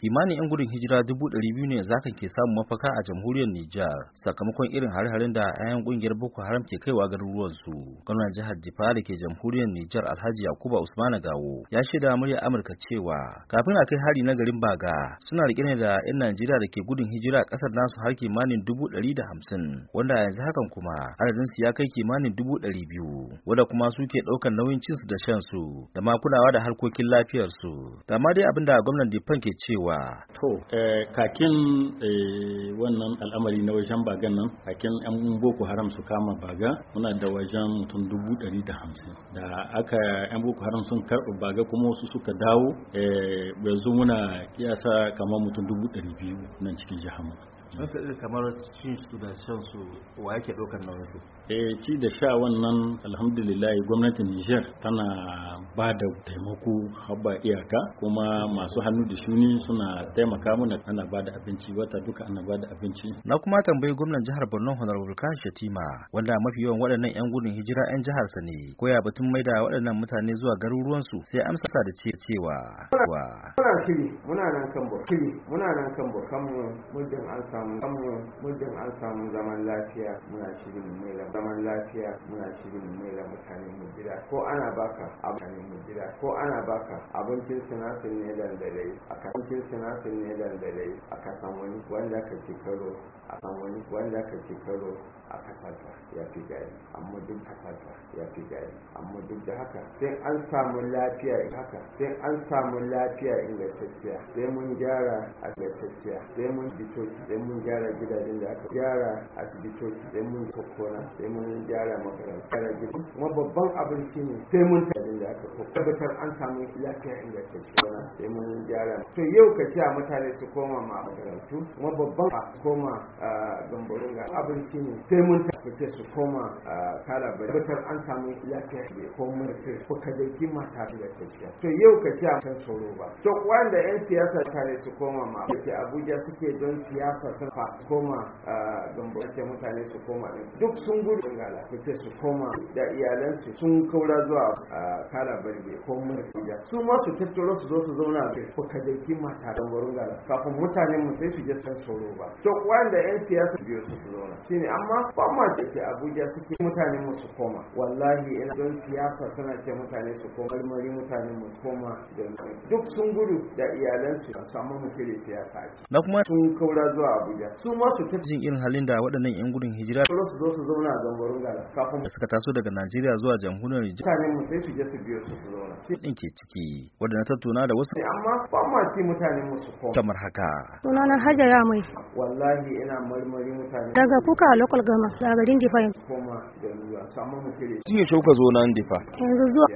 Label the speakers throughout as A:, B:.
A: kimanin 'yan gudun hijira dubu ɗari biyu ne zaka ke samun mafaka a jamhuriyar Nijar sakamakon irin hare-haren da 'ya'yan ƙungiyar Boko Haram ke kaiwa garuruwan su. Gwamnan jihar Jifa da ke jamhuriyar Nijar Alhaji Yakuba Usmana Gawo ya shaida murya Amurka cewa kafin a kai hari na garin Baga suna riƙe ne da 'yan Najeriya da ke gudun hijira ƙasar nasu har kimanin dubu ɗari da hamsin wanda yanzu hakan kuma adadin su ya kai kimanin dubu ɗari biyu wanda kuma su ke ɗaukar nauyin cinsu da shan su da ma kulawa da harkokin lafiyarsu. Da dai abin da gwamnan Difan ke cewa Garba. To, eh, kakin eh, wannan al'amari na wajen bagan nan, kakin 'yan Boko Haram su kama baga, muna da wajen mutum dubu ɗari da hamsin. Da aka 'yan Boko Haram sun karɓi baga kuma wasu suka dawo, eh, yanzu muna kiyasa kamar mutum dubu ɗari biyu nan cikin jihar mu. sun kaɗi kamar cin su da shan su wa yake ɗaukar nauyin su eh ci da sha wannan alhamdulillah gwamnatin Nijar tana ba da taimako haba iyaka kuma masu hannu da shuni suna taimaka mana ana ba da abinci wata duka ana ba da abinci na kuma tambayi gwamnan jihar Borno Honorable Kashi Shatima wanda mafi yawan waɗannan yan gudun hijira yan jihar sa ne ko ya batun maida waɗannan mutane zuwa garuruwan su sai amsa da ce cewa muna
B: shiri muna nan kan bur muna nan kan bur kan mun an samu samu muddin an samu zaman lafiya muna shirin maila zaman lafiya muna shirin maila mutanen mu gida ko ana baka abin mu gida ko ana baka abincin sinasir ne dandalai aka abincin sinasir ne dandalai aka samu wanda ka ci karo a samu wanda ka ci karo a kasar ya fi gari amma duk da haka ya fi gari amma duk da haka sai an samu lafiya in. haka sai an samu lafiya ingantacciya sai mun gyara asibitacciya sai mun bitoci sai mun gyara gidajen da aka gyara asibitoci sai mun kokona sai mun gyara makaranta da gidan kuma babban abin shi ne sai mun tarin da aka kokona tabbatar an samu lafiya ingantacciya sai mun gyara to yau ka ce mutane su koma ma makarantu kuma babban koma gambarin ga abin shi ne sai mun tafi su koma a kara ba an samu lafiya da komai da ko ka kima ta da tafiya to yau ka ci a kan tsoro ba to wanda yan siyasa tare su koma ma ke Abuja suke don siyasa sun fa koma gambo ke mutane su koma duk sun gudu gala ce su koma da su sun kaura zuwa kara barbe ko murtiya su ma su tattaro su zo su zauna da ko ka kima ta da wurin gala kafin mutane mu sai su je san tsoro ba to wanda yan siyasa biyo su zauna shine amma ba ma da abuja suke mutanen su koma wallahi ina don siyasa suna ce mutane su koma Marmari mutanen su koma da duk sun gudu da iyalansu su samu mu siyasa ake
A: na kuma sun kaura zuwa abuja su ma su tafi irin halin da waɗannan yan gudun
B: hijira su zo su zauna a zangoron gala kafin
A: suka taso daga najeriya zuwa jamhuriyar nijar mutanen
B: mu sai su je su biyo su su zauna
A: din ke ciki wanda na tattauna da wasu amma
B: ba ma ce mutanen mu su koma kamar haka
C: sunana hajara mai
B: wallahi ina marmari mutane daga
C: kuka local gama daga garin difa
B: bakwai shi shauka zo na ndifa
C: yanzu zuwa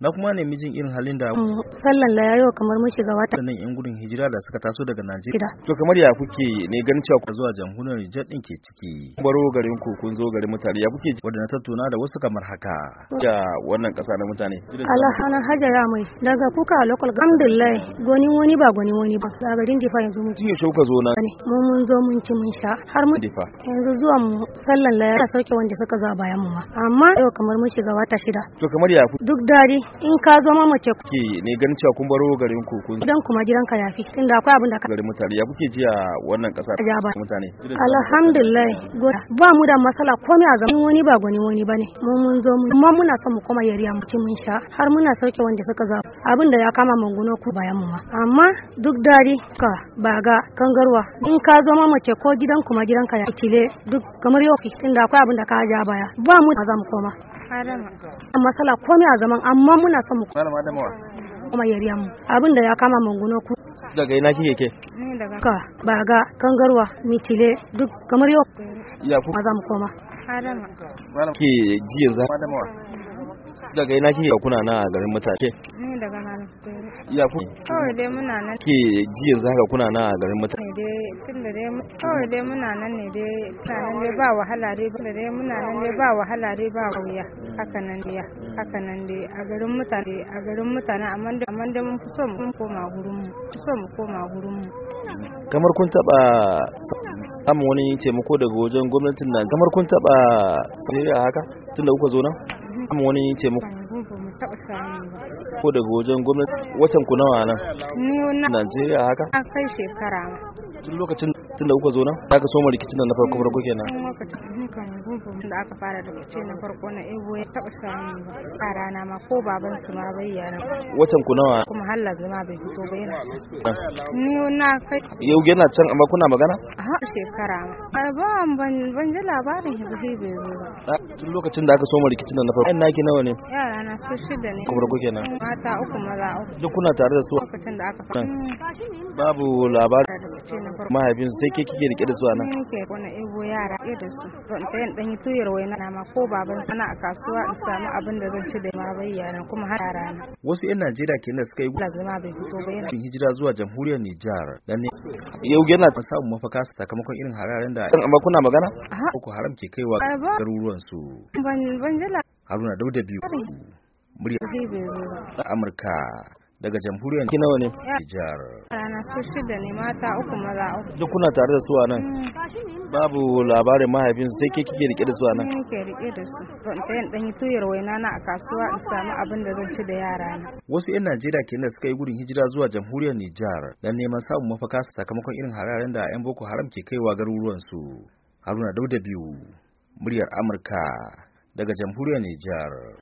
A: na kuma ne mijin irin halin da mm,
C: sallan la yayo kamar mu shiga wata
A: nan yan gudun hijira da suka taso daga Najeriya to kamar ya kuke ne ganin cewa zuwa jamhuriyar Nijar din ke ciki baro garin ku kun zo garin mutane ya kuke wadda na tattauna da wasu kamar haka ya wannan kasa na mutane Allah
C: sana hajara mai daga kuka lokal alhamdulillah Goni wani ba goni wani ba daga garin difa yanzu mun shi shauka zo na mun mun zo mun ci mun sha har mun difa yanzu zuwa mu sallan la yayo sauke wanda suka zo bayan mu ma amma yau kamar mun shiga wata shida to kamar ya duk dare in ka zo ma mace
A: ke ne ganin cewa kun baro garin ku kun
C: dan kuma gidan ya fi tunda akwai abin da ka
A: garin mutane ya kuke ji a wannan kasar mutane alhamdulillah
C: ba mu da matsala komai a zaman wani ba gwani wani bane mu mun zo mu amma muna son mu koma yariya mu ci mun sha har muna sauke wanda suka zo abin da ya kama guno ku bayan mu ma amma duk dare ka ba ga kangarwa in ka zo ma mace ko gidan kuma gidan ya Kile duk kamar yau da akwai abin da ka ja baya ba mu za mu koma amma sala komai a zaman amma muna son mu malama da mawa kuma yariya mu abin da ya kama mun guno ku
A: daga ina kike ke
C: ka ba ga kangarwa mitile duk kamar yau ya ku za
A: mu koma malama ke ji yanzu daga ina kike kuna na garin mutane
D: ni daga nan ya ku eh. kawai dai muna nan
A: ke ji yanzu haka kuna nan a garin mutane
D: dai tunda dai kawai dai muna nan ne dai tsanan dai ba wahala dai tunda dai muna nan dai ba wahala dai ba wuya haka nan dai haka nan dai a garin mutane a garin mutane amma da amma da mun fi so mu koma gurin mu so mu koma gurin mu
A: kamar kun taba samun wani taimako daga wajen gwamnatin nan kamar kun taba sanariya haka tunda kuka zo nan samun wani taimako ba
D: mu taba samu ba ko
A: daga wajen gwamnati watan ku nawa nan?
D: Nigeria
A: Najeriya haka?
D: Akai shekara.
A: Tun lokacin tun da kuka zo nan aka soma rikicin nan na farko farko kenan
D: da aka fara da rikicin na farko na ebo ya taba samu tsara na ma ko baban su ma bai yana
A: watan ku nawa kuma
D: halla zama bai fito ba yana ah. ni na kai yau
A: yana can amma kuna magana
D: a shekara ma ba ban ban ji labarin hibihi bai zo
A: ba ah, tun lokacin da aka soma rikicin nan na farko na ki nawa ne
D: yara na su shida ne kuma kuke kenan mata uku maza uku
A: duk kuna tare da su lokacin da aka ah. babu labarin mahaifin su ke kike rike da su a nan
D: nake gona ebo yara ke da su don ta yin danyi tuyar wai na ma ko baban sana a kasuwa in samu abin da zan ci da ma bayyana kuma har rana
A: wasu yan Najeriya ke nan suka yi
D: lazima bai fito ba yana
A: hijira zuwa jamhuriyar Nijar dan ne yau yana ta samu mafaka sakamakon irin hararen da amma kuna magana ko haram ke kaiwa garuruwan su ban ban Haruna Dauda biyu murya Amurka daga jamhuriyar nawa ne jihar
D: rana su shida ne mata uku maza uku
A: duk kuna tare da su a nan
D: mm.
A: babu labarin mahaifinsu sai ke kike rike da su a nan
D: ke rike da su don ta yin dan tuyar waina na a kasuwa in samu abin da zan ci da yara na
A: wasu yan Najeriya kenan da suka yi gudun hijira zuwa jamhuriyar Nijar dan neman samun mafaka sakamakon irin hararen da yan Boko Haram ke kaiwa garuruwan su Haruna Dauda biyu muryar Amurka daga jamhuriyar Nijar